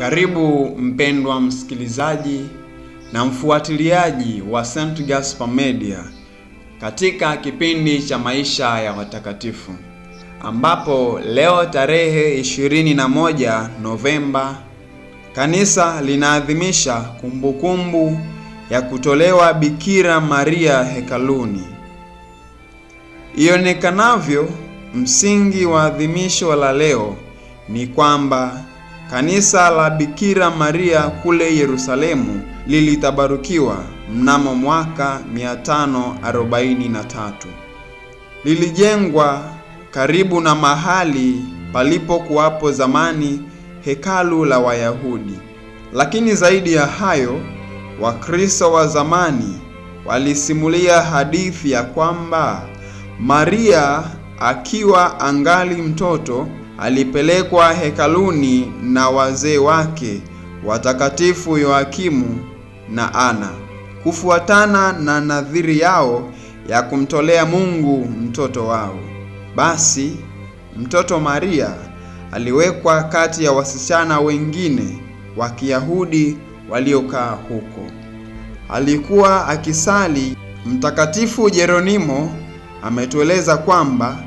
Karibu mpendwa msikilizaji na mfuatiliaji wa St. Gaspar Media katika kipindi cha maisha ya watakatifu ambapo leo tarehe 21 Novemba kanisa linaadhimisha kumbukumbu kumbu ya kutolewa Bikira Maria hekaluni. Ionekanavyo, msingi wa adhimisho la leo ni kwamba Kanisa la Bikira Maria kule Yerusalemu lilitabarukiwa mnamo mwaka 543. Lilijengwa karibu na mahali palipokuwapo zamani hekalu la Wayahudi. Lakini zaidi ya hayo, Wakristo wa zamani walisimulia hadithi ya kwamba Maria akiwa angali mtoto alipelekwa hekaluni na wazee wake watakatifu Yoakimu na Ana kufuatana na nadhiri yao ya kumtolea Mungu mtoto wao. Basi mtoto Maria aliwekwa kati ya wasichana wengine wa Kiyahudi waliokaa huko. Alikuwa akisali. Mtakatifu Jeronimo ametueleza kwamba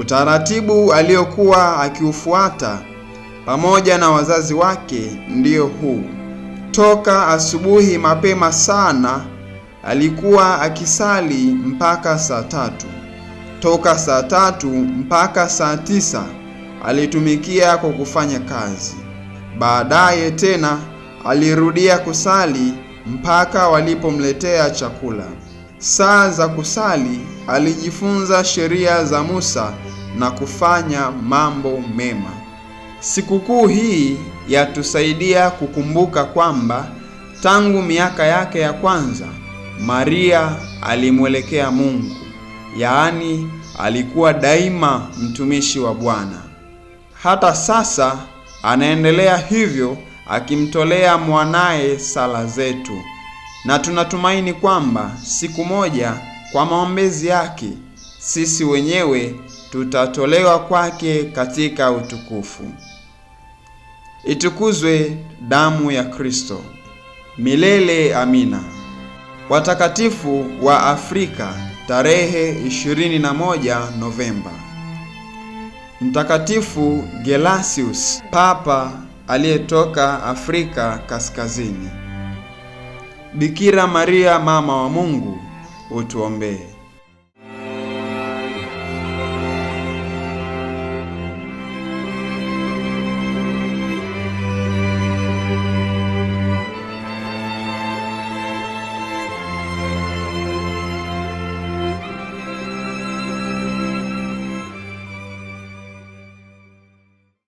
Utaratibu aliokuwa akiufuata pamoja na wazazi wake ndio huu. Toka asubuhi mapema sana alikuwa akisali mpaka saa tatu. Toka saa tatu mpaka saa tisa alitumikia kwa kufanya kazi. Baadaye tena alirudia kusali mpaka walipomletea chakula saa za kusali, alijifunza sheria za Musa na kufanya mambo mema. Sikukuu hii yatusaidia kukumbuka kwamba tangu miaka yake ya kwanza Maria alimwelekea Mungu, yaani alikuwa daima mtumishi wa Bwana. Hata sasa anaendelea hivyo, akimtolea mwanaye sala zetu na tunatumaini kwamba siku moja kwa maombezi yake sisi wenyewe tutatolewa kwake katika utukufu. Itukuzwe damu ya Kristo! Milele amina. Watakatifu wa Afrika tarehe 21 Novemba: Mtakatifu Gelasius, papa aliyetoka Afrika Kaskazini. Bikira Maria mama wa Mungu, utuombee.